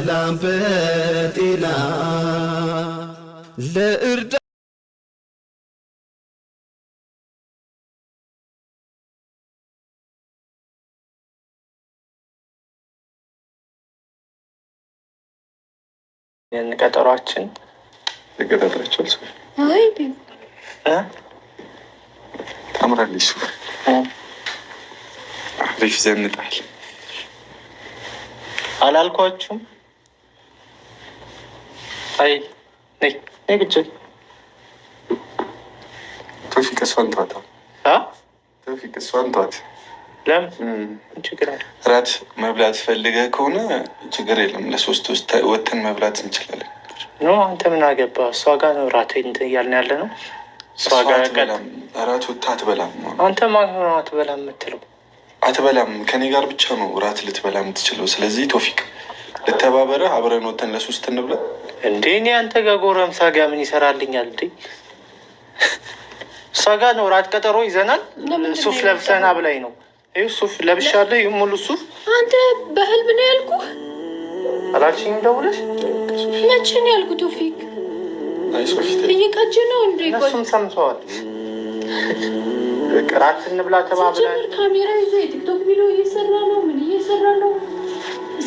በሰላም በጤና ለእርዳ ቀጠሯችን ተከታታቸው ታምራለች። አሪፍ ዘንጣል አላልኳችሁም? አይ ነይ ነይ ግጭ ቶፊቅ እሷን ተዋት። ቶፊቅ እሷን ተዋት። ለምን ችግር አለ? እራት መብላት ፈልገህ ከሆነ ችግር የለም። ለሶስት ወተን መብላት እንችላለን። ኖ አንተ ምን አገባ? እሷ ጋር ነው እራት እያልን ያለ ነው። እሷ ጋር እራት ወታ አትበላም። አንተ ማን ሆነ አትበላም የምትለው? አትበላም ከኔ ጋር ብቻ ነው እራት ልትበላ የምትችለው። ስለዚህ ቶፊቅ ልተባበረህ፣ አብረን ወተን ለሶስት እንብላ እንዴ እኔ አንተ ጋር ጎረምሳ ጋር ምን ይሰራልኛል? እንዴ እሷ ጋር ነው ራት ቀጠሮ ይዘናል። ሱፍ ለብሰና ብላኝ ነው። ይህ ሱፍ ለብሻለሁ። ይህ ሙሉ ሱፍ አንተ በህልም ነው ያልኩ አላልሽኝም? ደውለሽ መቼ ነው ያልኩህ? ቶፊክ እየቀጀ ነው እንዴ? እሱም ሰምተዋል። ራት እንብላ ተባብለን ካሜራ ይዘ የቲክቶክ ቪዲዮ እየሰራ ነው ምን እየሰራ ነው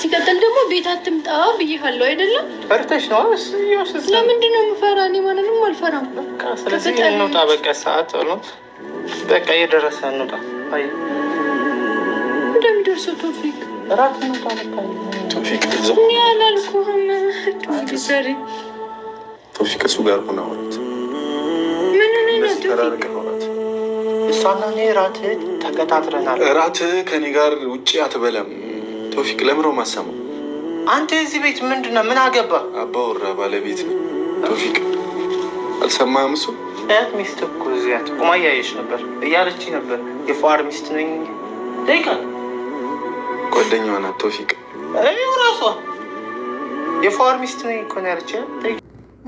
ሲቀጥል ደግሞ ቤት አትምጣ ብዬሃለሁ አይደለም። ፈርተሽ ነው? ለምንድን ነው የምፈራ? እኔ ማንንም አልፈራም። ስለዚህ እንውጣ፣ በቃ ሰዓት ሆኖ በቃ እየደረሰ እንውጣ። እንደሚደርሰው ቶፊቅ እራት እንውጣ። ቶፊቅ እኔ አላልኩህም። ቶፊቅ እሱ ጋር ሆነ ምን ነው እሷና እኔ እራት ተከታትረናል። እራት ከኔ ጋር ውጭ አትበለም ቶፊቅ ለምሮ ማሰማ አንተ የዚህ ቤት ምንድን ነው? ምን አገባ? አባወራ ባለቤት ነው ቶፊቅ። አልሰማህም? እሱ እህት ሚስት እኮ እዚያት ቁማ እያየች ነበር፣ እያለች ነበር። የፉአድ ሚስት ነኝ ደቂቃ ጓደኛዋ ናት ቶፊቅ። ይኸው ራሷ የፉአድ ሚስት ነኝ እኮ ነው ያለች።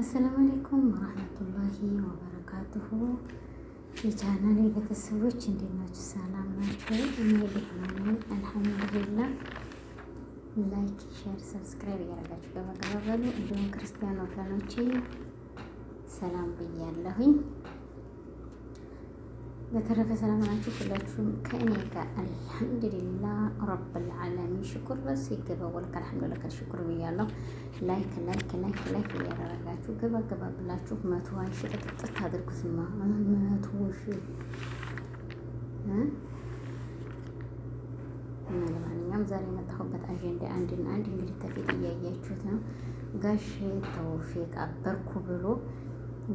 አሰላሙ አለይኩም ወረህመቱላሂ ወበረካቱሁ። የቻናሌ ቤተሰቦች እንዴት ናችሁ? ሰላም ናቸው። እኔ ደህና ነኝ አልሐምዱሊላህ ላይክ፣ ሼር፣ ሰብስክራይብ እያደረጋችሁ በመቀባበሉ እንዲሁም ክርስቲያን ወገኖቼ ሰላም ብያለሁኝ። በተረፈ ሰላም ናችሁ ሁላችሁም ከእኔ ጋር አልሐምዱሊላ ረብል ዓለሚን ሽኩር በስ ይገባወልክ አልሐምዱላ ሽኩር ብያለሁ። ላይክ ላይክ ላይክ ላይክ እያደረጋችሁ ገባ ገባ ብላችሁ መቶ ዋይሽ ጥጥጥ አድርጉትማ መቶ ሺ እና ለማንኛውም ዛሬ የመጣሁበት አጀንዳ አንድና አንድ እንግዲህ ተፊት እያያችሁት ነው። ጋሽ ተውፊቅ አበርኩ ብሎ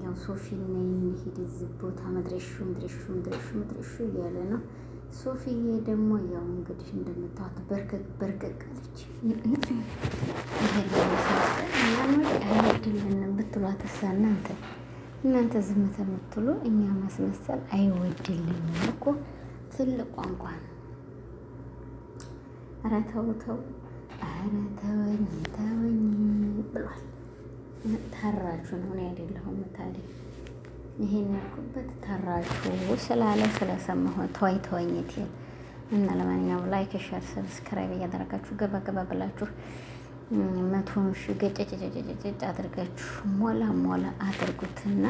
ያው ሶፊ ነ የሚሄድ እዚህ ቦታ መድረሹ መድረሹ መድረሹ መድረሹ እያለ ነው። ሶፊዬ ደግሞ ያው እንግዲህ እንደምታዋት በርቀቅ በርቀቅ አለች። አይወድልንም ብትሏት እሷ እናንተ እናንተ ዝምተ የምትሉ እኛ ማስመሰል አይወድልንም እኮ ትልቅ ቋንቋ ነው። ኧረ ተው ተው ኧረ ተወኝ ተወኝ ብሏል። ተራሹ ነው እኔ አይደለሁም። ታዲያ ይሄን ያልኩበት ተራሹ ስላለ ስለሰማሁ ተወይ ተወኝ ትል እና ለማንኛውም ላይክ፣ ሸር፣ ሰብስክራይብ እያደረጋችሁ ገባ ገባ ብላችሁ መቶን ሺ ገጨጨጨጨጨጭ አድርጋችሁ ሞላ ሞላ አድርጉትና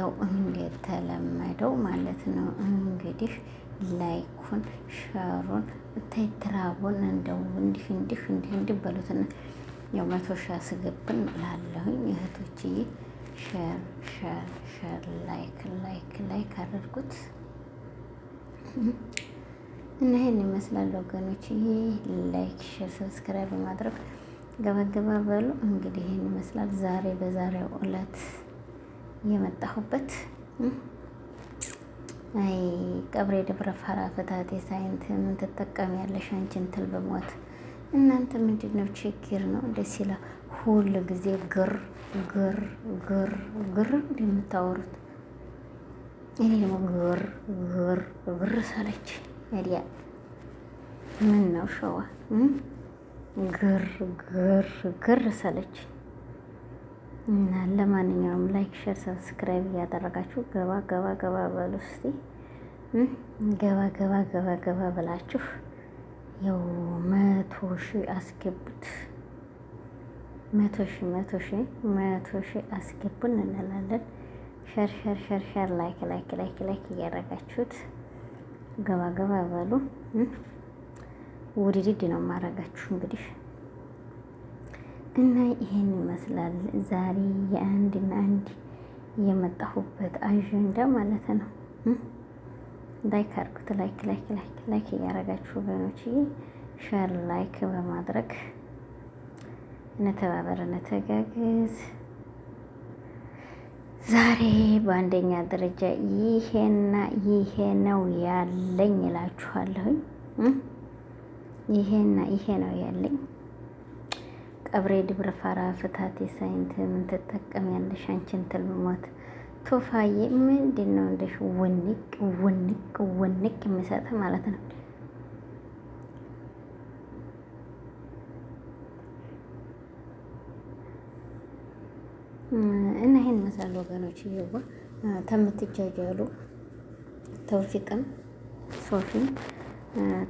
ያው እንደተለመደው ማለት ነው እንግዲህ ላይኩን ሸሩን እታይ እንደው እንዲህ እንዲህ እንዲህ እንዲህ በሉትና ያው መቶ ሺ አስገብን ላለሁኝ እህቶችዬ፣ ሸር ሸር ሸር ላይክ ላይክ ላይክ አድርጉት እና ይህን ይመስላል ይሄ ላይክ ሸር ሰብስክራይብ ማድረግ ገበገባ በሉ። እንግዲህ ይሄን ይመስላል ዛሬ በዛሬው ዕለት የመጣሁበት አይ ቀብሬ ደብረ ፋራ ፍታቴ ሳይንት ምን ትጠቀሚያለሽ አንቺ እንትን በሞት እናንተ ምንድን ነው ችግር ነው ደስ ሲላ ሁል ጊዜ ግር ግር ግር ግር እንደ እኔ ደግሞ ግር ግር ግር ሰለች ያዲያ ምን ነው ሸዋ ግር ግር ግር ሰለች እና ለማንኛውም ላይክ፣ ሸር፣ ሰብስክራይብ እያደረጋችሁ ገባ ገባ ገባ በሉ እስቲ ገባ ገባ ገባ ገባ ብላችሁ ያው መቶ ሺ አስገቡት። መቶ ሺ መቶ ሺ መቶ ሺ አስገቡን እንላለን። ሸር ሸር ሸር ሸር ላይክ ላይክ ላይክ ላይክ እያደረጋችሁት ገባ ገባ በሉ። ውድድድ ነው የማደርጋችሁ እንግዲህ እና ይሄን ይመስላል ዛሬ የአንድና አንድ የመጣሁበት አጀንዳ ማለት ነው። ላይክ አድርጉት። ላይክ ላይክ ላይክ ላይክ እያደረጋችሁ ወገኖች ሸር ላይክ በማድረግ እንተባበር፣ እንተጋገዝ። ዛሬ በአንደኛ ደረጃ ይሄና ይሄ ነው ያለኝ እላችኋለሁኝ። ይሄና ይሄ ነው ያለኝ ቀብሬ ድብረ ፋራ ፍታቴ ሳይንት ምን ትጠቀሚያለሽ አንቺን ትል ብሞት ቶፋዬ ምንድን ነው እንደሽ ውንቅ ውንቅ ውንቅ የሚሰጥ ማለት ነው። እና ይሄን መሳል ወገኖች እየዋ ተምትጃጃሉ ተውፊቅም ሶፊም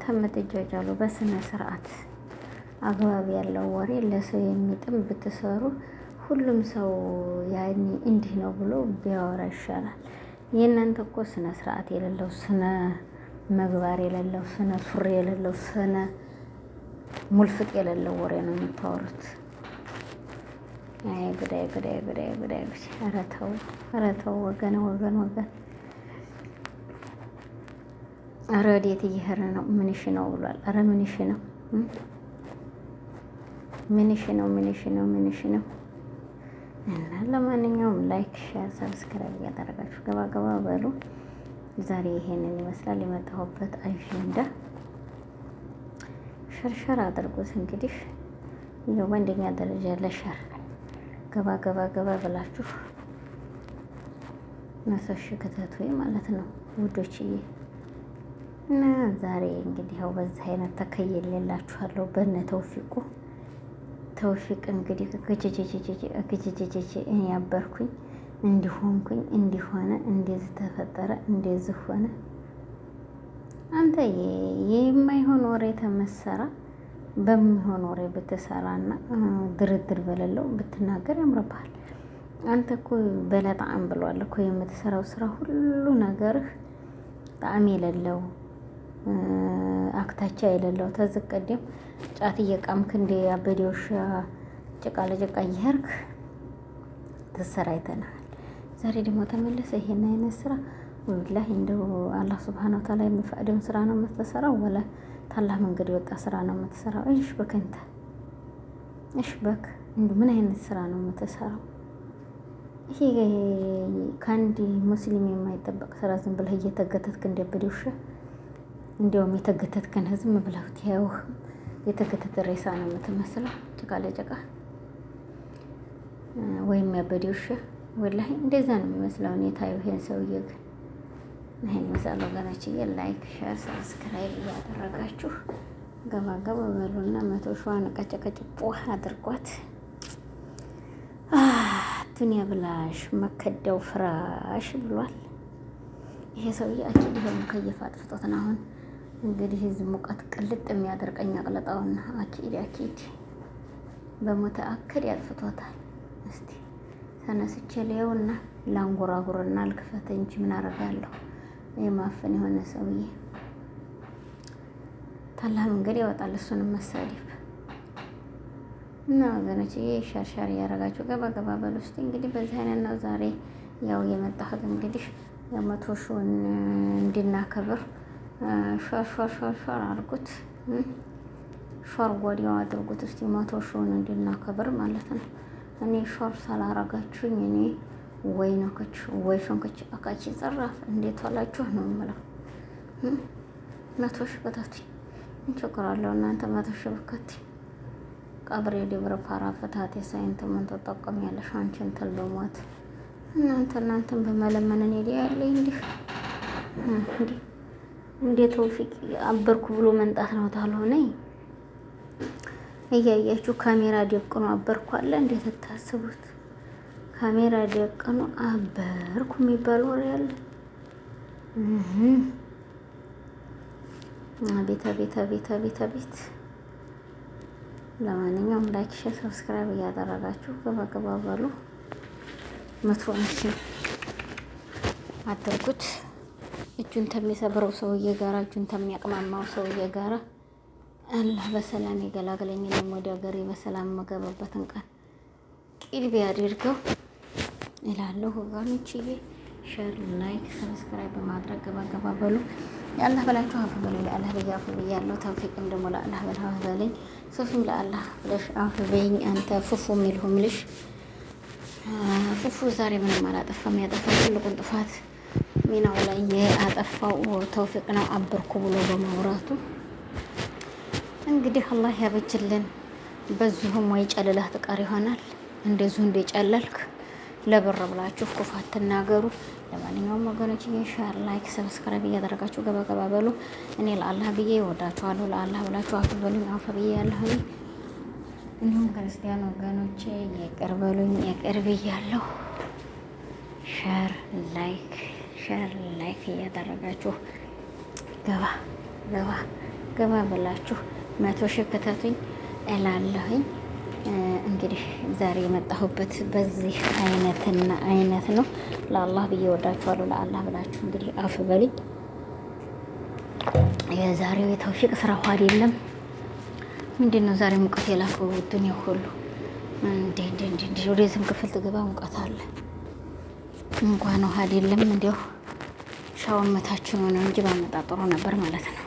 ተምትጃጃሉ በስነ ስርዓት አግባብ ያለው ወሬ ለሰው የሚጥም ብትሰሩ ሁሉም ሰው ያኔ እንዲህ ነው ብሎ ቢያወራ ይሻላል። የእናንተ እኮ ስነ ስርዓት የሌለው ስነ መግባር የሌለው ስነ ሱሪ የሌለው ስነ ሙልፍጥ የሌለው ወሬ ነው የምታወሩት። አይ ጉድ! አይ ጉድ! አይ ኧረ ተው! ኧረ ተው! ወገን ወገን ወገን! ኧረ ወዴት እየሄድን ነው? ምንሽ ነው ብሏል። ኧረ ምንሽ ነው? ምንሽ ነው ምንሽ ነው ምንሽ ነው እና ለማንኛውም ላይክ፣ ሼር፣ ሰብስክራይብ እያደረጋችሁ ገባ ገባ በሉ። ዛሬ ይሄንን ይመስላል የመጣሁበት አጀንዳ። ሸርሸር አድርጉት እንግዲህ በአንደኛ ደረጃ ለሸር ገባ ገባ ገባ ብላችሁ መሶሽ ክተቱ ማለት ነው ውዶችዬ። እና ዛሬ እንግዲህ ያው በዚህ አይነት ተከየል የላችኋለሁ በነ ተውፊቁ ተውፊቅ እንግዲህ እክችችችች እኔ ያበርኩኝ እንዲሆንኩኝ እንዲሆነ እንደዚህ ተፈጠረ እንደዚህ ሆነ። አንተ የማይሆን ወሬ ተመሰራ በሚሆን ወሬ ብትሰራና ድርድር በሌለው ብትናገር ያምርብሃል። አንተ እኮ በላ ጣዕም ብሏል እኮ የምትሰራው ስራ ሁሉ ነገርህ ጣዕም የሌለው አክታቻ የሌለው ተዝቅ ቀደም ጫት እየቃምክ እንደ አበዴ ውሻ ጭቃ ለጭቃ እየሄድክ ተሰራይተናል። ዛሬ ደግሞ ተመለሰ ይሄን አይነት ስራ ወላሂ እንደው አላህ ስብሓን ወተዓላ የሚፈቅደውን ስራ ነው የምትሰራው። ወላ ታላህ መንገድ የወጣ ስራ ነው የምትሰራው። እሽ በከንተ እሽ በክ እንዲ ምን አይነት ስራ ነው የምትሰራው? ይሄ ከአንድ ሙስሊም የማይጠበቅ ስራ ዝም ብለህ እየተገተትክ እንደ አበዴ ውሻ እንዲያውም የተገተትከን ህዝብ ብለው ትያዩህ የተገተተ ሬሳ ነው የምትመስለው። ጭቃ ለጭቃ ወይም ያበደ ውሻ ወላሂ እንደዛ ነው የሚመስለው። እኔ ይሄን ሰውዬ ግን ይሄን መሳለ ወገናችዬ፣ ላይክ ሸር፣ ሰብስክራይብ እያደረጋችሁ ገባ በሉና መቶ ሸዋን ቀጨቀጭ ፖህ አድርጓት። ዱኒያ ብላሽ መከደው ፍራሽ ብሏል። ይሄ ሰውዬ አኪድ ሆኑ ሙከየፍ አሁን እንግዲህ እዚህ ሙቀት ቅልጥ የሚያደርቀኝ አቅለጣውና አኪድ አኪድ በሞተ አክል ያጥፍቶታል። እስቲ ተነስቼ ልየውና ላንጎራጉርና ልክፈት እንጂ ምን አረጋለሁ? የማፍን የሆነ ሰውዬ ታላ መንገድ ያወጣል። እሱንም መሳደብ እና ወገኖች ሻርሻር እያደረጋችሁ ገባ ገባ በል ውስጥ እንግዲህ በዚህ አይነት ነው ዛሬ ያው የመጣሁት እንግዲህ የመቶ ሺውን እንድናከብር ሾርሾርሾርሾር አድርጉት። ሾር ወዲያው አድርጉት። እስቲ መቶ ሺውን እንድናከብር ማለት ነው። እኔ ሾር ሳላረጋችሁኝ እኔ ወይ ነክች ወይ ሸንክች አካች ጽራፍ እንዴት ዋላችሁ ነው የምለው። መቶ ሺ በታት እንቸግራለሁ። እናንተ መቶ ሺ ብከት ቀብሬ ደብረ ፋራ ፍታት የሳይንት ምን ተጠቀም ያለሽ አንቺን ትልሟት እናንተ እናንተን በመለመን እኔ ያለ እንዲህ እንዲህ እንዴት ተውፊቅ አበርኩ ብሎ መንጣት ነው። ታልሆነ እያያችሁ ካሜራ ደቅኖ አበርኩ አለ። እንዴት ታስቡት? ካሜራ ደቅኖ አበርኩ የሚባል ወሬ አለ። አቤት ቤታ ቤታ ቤታ ቤት። ለማንኛውም ላይክ፣ ሼር፣ ሰብስክራይብ እያደረጋችሁ ገባገባ በሉ መቶ አንቺ አድርጉት። እጁን ተሚሰብረው ሰውዬ ጋራ እጁን ተሚያቅማማው ሰውዬ ጋራ አላህ በሰላም የገላገለኝ ደግሞ ወደ ሀገሬ በሰላም መገበበትን ቀን ቂል ቢያደርገው እላለሁ። ወገኖችዬ ሸር፣ ላይክ፣ ሰብስክራይብ በማድረግ ገባገባ በሉ። የአላህ በላችሁ አፍ በሉ። ለአላህ ብዬ አፍ ብያለሁ። ተውፊቅም ደግሞ ለአላህ በላ አፍ በለኝ። ሶፊም ለአላህ ብለሽ አፍ በይኝ። አንተ ፉፉ የሚልሁም ልሽ ፉፉ ዛሬ ምንም አላጠፋም። ያጠፋ ትልቁን ጥፋት ሚናው ላይ የአጠፋው ተውፊቅ ነው አበርኩ ብሎ በማውራቱ እንግዲህ አላህ ያበችልን በዚሁም ወይ ጨልላህ ትቀር ይሆናል። እንደዚሁ እንደጨለልክ ለብር ብላችሁ ክፉ አትናገሩ። ለማንኛውም ወገኖች ሼር፣ ላይክ፣ ሰብስክራይብ እያደረጋችሁ ገባገባ በሉ። እኔ ለአላህ ብዬ እወዳችኋለሁ። ለአላህ ብላችሁ አፍ በሉኝ፣ አፍ ብዬ ያለሁኝ። እንዲሁም ክርስቲያን ወገኖቼ ይቅር በሉኝ፣ ይቅር ብያለሁ። ሼር ላይክ ሼር፣ ላይክ እያደረጋችሁ ገባ ገባ ገባ ብላችሁ መቶ ሺህ ክተቱኝ እላለሁኝ። እንግዲህ ዛሬ የመጣሁበት በዚህ አይነትና አይነት ነው። ለአላህ ብዬ ወዳችኋለሁ። ለአላህ ብላችሁ እንግዲህ አፍ በልኝ። የዛሬው የተውፊቅ ስራ ውሃ አይደለም። ምንድን ነው ዛሬ ሙቀት የላከው ዱኒያ ሁሉ ወደዚህም ክፍል ትገባ ሙቀት አለ። እንኳን ውሃ አይደለም እንዲያው ብቻውን መታች ነው እንጂ ባመጣጥሮ ነበር ማለት ነው።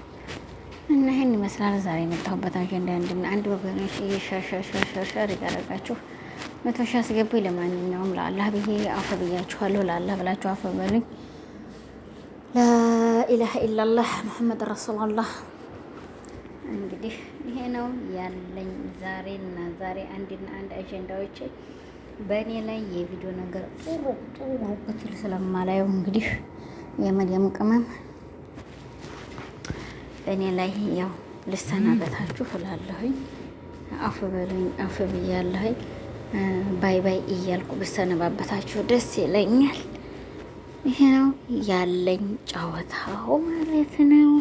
እና ይህን ይመስላል ዛሬ የመጣሁበት አጀንዳ አንድና አንድ ወገኖች ሻሻሻሻሻር ያደረጋችሁ መቶ ሺህ አስገቡኝ። ለማንኛውም ለአላህ ብዬ አፈ ብያችኋለሁ። ለአላህ ብላችሁ አፈ በሉኝ። ላኢላሀ ኢላላህ መሐመድ ረሱሉላህ። እንግዲህ ይሄ ነው ያለኝ ዛሬ እና ዛሬ አንድና አንድ አጀንዳዎች በእኔ ላይ የቪዲዮ ነገር ጥሩ ጥሩ ክትል ስለማላየው እንግዲህ የመልየም ቅመም እኔ ላይ ያው ልሰናበታችሁ እላለሁኝ። አፍ በሉኝ፣ አፍ ብያለሁኝ። ባይ ባይ እያልኩ ብሰነባበታችሁ ደስ ይለኛል። ይሄ ነው ያለኝ ጨዋታው ማለት ነው።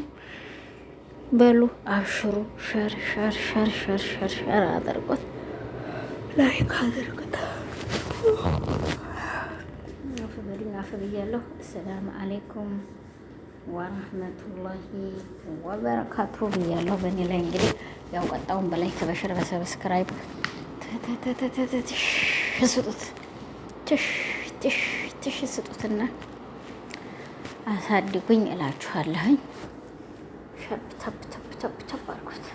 በሉ አብሽሩ፣ ሸር ሸር ሸር ሸር ሸር ሸር አድርጉት፣ ላይክ አድርጉት። አረፍ ብያለሁ። አሰላሙ አሌይኩም ወረህመቱላሂ ወበረካቱ ብያለሁ። በእኔ ላይ እንግዲህ ያው ቀጣውን በላይ ከበሽር በሰብስክራይብ ስጡት ትሽ ስጡትና አሳድጉኝ እላችኋለሁኝ። ሸብ ተብ ተብ ተብ ተብ አልኩት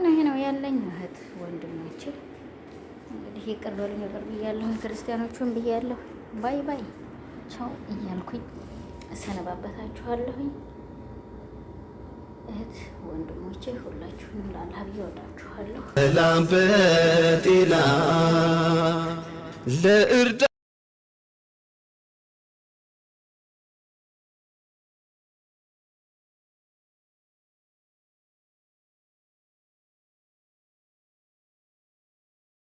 እና ይሄ ነው ያለኝ እህት ወንድሞችን እንግዲህ ይቅር በሉኝ፣ ይቅር ብያለሁ። ክርስቲያኖቹን ብያለሁ። ባይ ባይ ቻው እያልኩኝ እሰነባበታችኋለሁኝ። እህት ወንድሞቼ ሁላችሁንም ለአላህ ብዬ ወዳችኋለሁ። ሰላም በጤና ለእርዳ